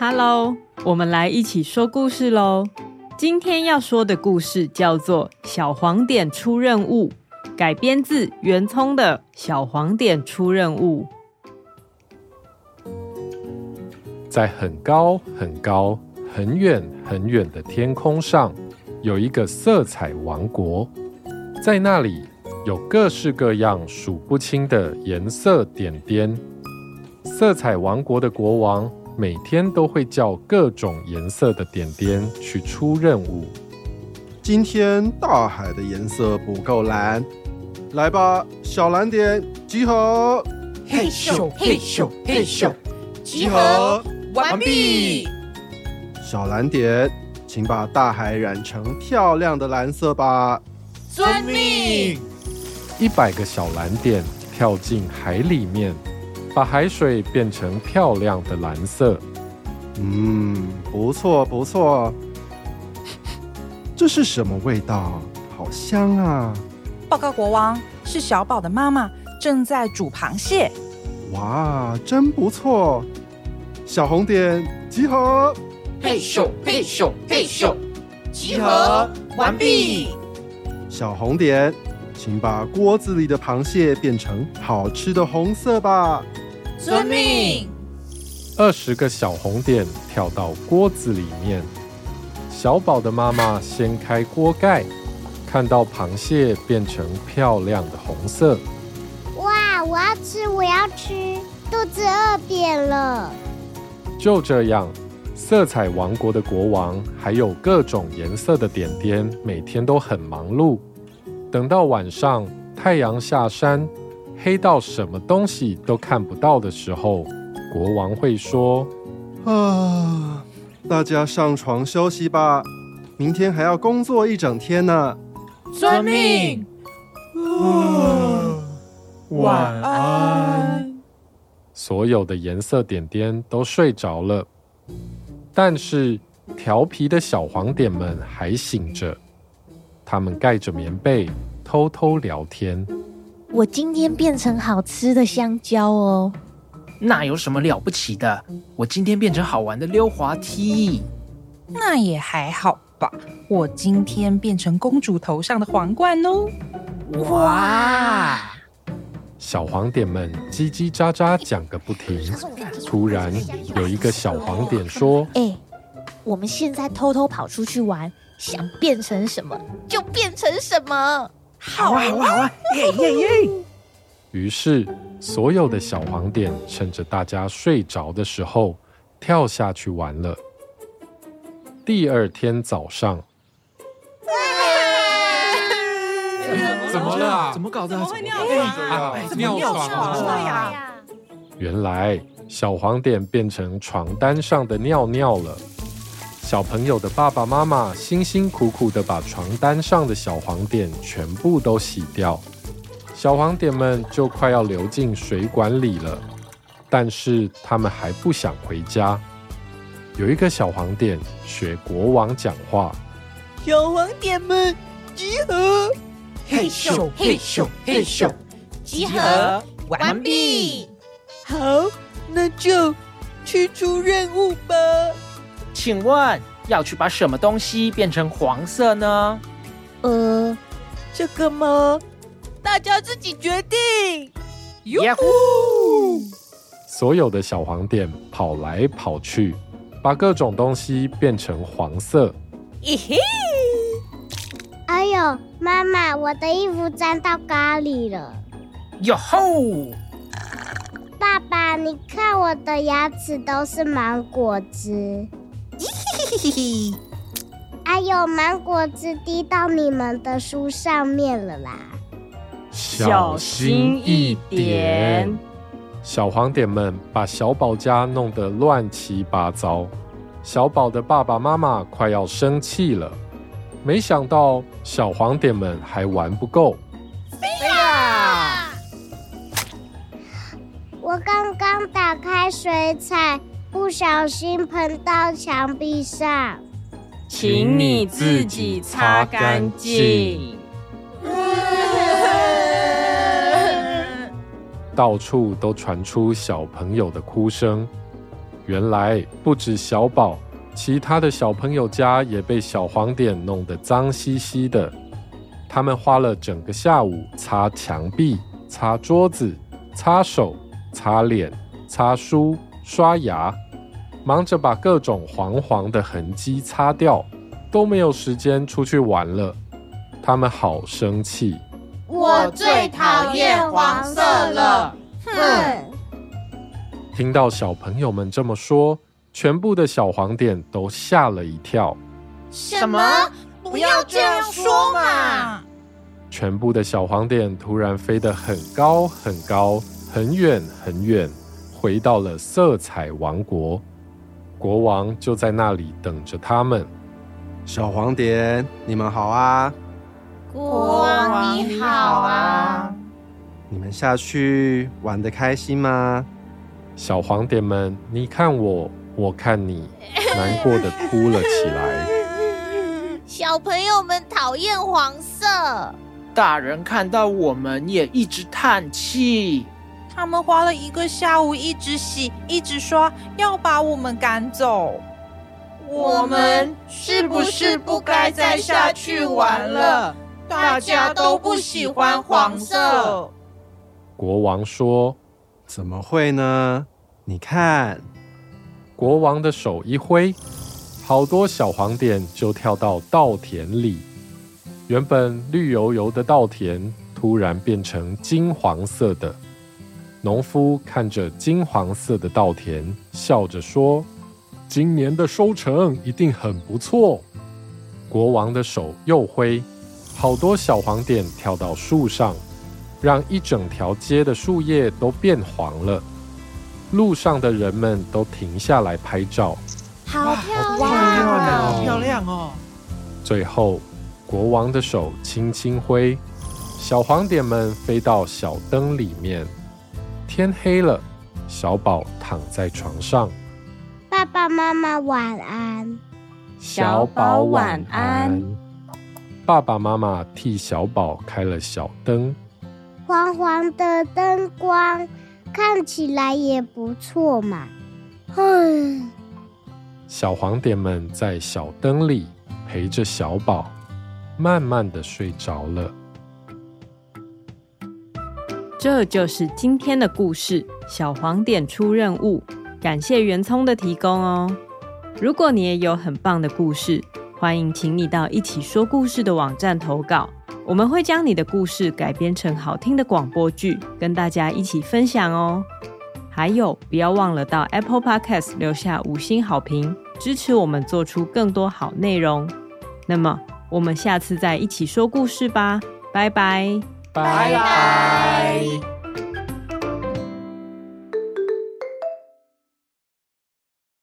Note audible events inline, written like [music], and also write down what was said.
Hello，我們來一起說故事嘍。今天要說的故事叫做《小黃點出任務》，改編自羱璁的《小黃點出任務》。在很高很高、很遠很遠的天空上，有一個色彩王國，在那裡有各式各樣數不清的顏色點點。色彩王國的國王，每天都會叫各種顏色的點點去出任務。今天大海的顏色不夠藍，來吧，小藍點集合！嘿咻嘿咻嘿咻，集合完畢。小藍點，請把大海染成漂亮的藍色吧。遵命。一百個小藍點跳進海裡面。把海水變成漂亮的藍色。嗯，不錯不錯。這是什麼味道？好香啊！報告國王，是小寶的媽媽正在煮螃蟹。哇，真不錯！小紅點集合。嘿咻嘿咻嘿咻，集合完畢。小紅點，請把鍋子裡的螃蟹變成好吃的紅色吧。遵命。二十個小紅點跳到鍋子裡面，小寶的媽媽掀開鍋蓋，看到螃蟹變成漂亮的紅色。哇！我要吃，我要吃，肚子餓扁了。就這樣，色彩王國的國王還有各種顏色的點點，每天都很忙碌。等到晚上，太陽下山。黑到什麼東西都看不到的時候，國王會說：“啊，大家上床休息吧，明天還要工作一整天呢。”遵命。哦，晚安。所有的顏色點點都睡着了，但是調皮的小黃點們還醒着，他們蓋着棉被，偷偷聊天。我今天變成好吃的香蕉哦。那有什麼了不起的？我今天變成好玩的溜滑梯。那也還好吧。我今天變成公主頭上的皇冠哦。哇！小黃點們嘰嘰喳喳講個不停。突然有一個小黃點說：“哎、 [laughs] 欸，我們現在偷偷跑出去玩，想變成什麼就變成什麼。”好啊好啊好啊！耶耶耶！於是，所有的小黃點趁着大家睡着的時候跳下去玩了。第二天早上，怎麼了？怎麼搞的？怎麼尿、啊欸、怎麼尿、啊？尿床了呀？原來，小黃點變成床單上的尿尿了。小朋友的爸爸媽媽辛辛苦苦的把床單上的小黃點全部都洗掉，小黃點們就快要流進水管裡了，但是他們還不想回家。有一個小黃點學國王講話：“小黃點們，集合！嘿咻嘿咻嘿咻，集合完畢。好，那就去出任務吧。”請問要去把什麼東西變成黃色呢？呃，這個嗎？大家自己決定。喲吼！所有的小黃點跑來跑去，把各種東西變成黃色。咦、哎、嘿！哎呦，媽媽，我的衣服沾到咖喱了。喲吼！爸爸，你看我的牙齒都是芒果汁。嘿， [laughs] 哎呦，芒果汁滴到你們的書上面了啦！小心一點，小黃點們把小寶家弄得亂七八糟，小寶的爸爸媽媽快要生氣了。沒想到小黃點們還玩不夠，飛呀、啊！我剛剛打開水彩。不小心噴到牆壁上，請你自己擦乾淨。 [laughs] 到處都傳出小朋友的哭聲，原來不止小寶，其他的小朋友家也被小黃點弄得髒兮兮的。他們花了整個下午擦牆壁、擦桌子、擦手、擦臉、擦書、刷牙。忙着把各種黃黃的痕跡擦掉，都沒有時間出去玩了。他們好生氣！我最討厭黃色了！哼、嗯！聽到小朋友們這麼說，全部的小黃點都嚇了一跳。什麼？不要這樣說嘛！全部的小黃點突然飛得很高很高，很遠很遠，回到了色彩王國。國王就在那裡等着他們。小黃點，你們好啊！國王，你好啊！你們下去玩得開心嗎？小黃點們，你看我，我看你，難過的哭了起來。 [laughs] 小朋友們討厭黃色。大人看到我們也一直嘆氣。他們花了一個下午，一直洗，一直刷，要把我們趕走。我們是不是不該再下去玩了？大家都不喜歡黃色。國王說：“怎麼會呢？你看。”國王的手一揮，好多小黃點就跳到稻田裡。原本綠油油的稻田，突然變成金黃色的。農夫看着金黃色的稻田，笑着說：“今年的收成一定很不錯。”國王的手又揮，好多小黃點跳到樹上，讓一整條街的樹葉都變黃了。路上的人們都停下來拍照，好漂亮，好漂亮哦！最後，國王的手輕輕揮，小黃點們飛到小燈裡面。天黑了，小寶躺在床上。爸爸媽媽晚安。小寶晚安。爸爸媽媽替小寶開了小燈，黃黃的燈光看起來也不錯嘛。嗯。小黃點們在小燈裡陪着小寶，慢慢的睡着了。這就是今天的故事，小黃點出任務。感謝羱璁的提供哦。如果你也有很棒的故事，歡迎請你到一起說故事的網站投稿，我們會將你的故事改編成好聽的廣播劇，跟大家一起分享哦。還有，不要忘了到 Apple Podcast 留下五星好評，支持我們做出更多好內容。那麼，我們下次再一起說故事吧，拜拜，拜拜。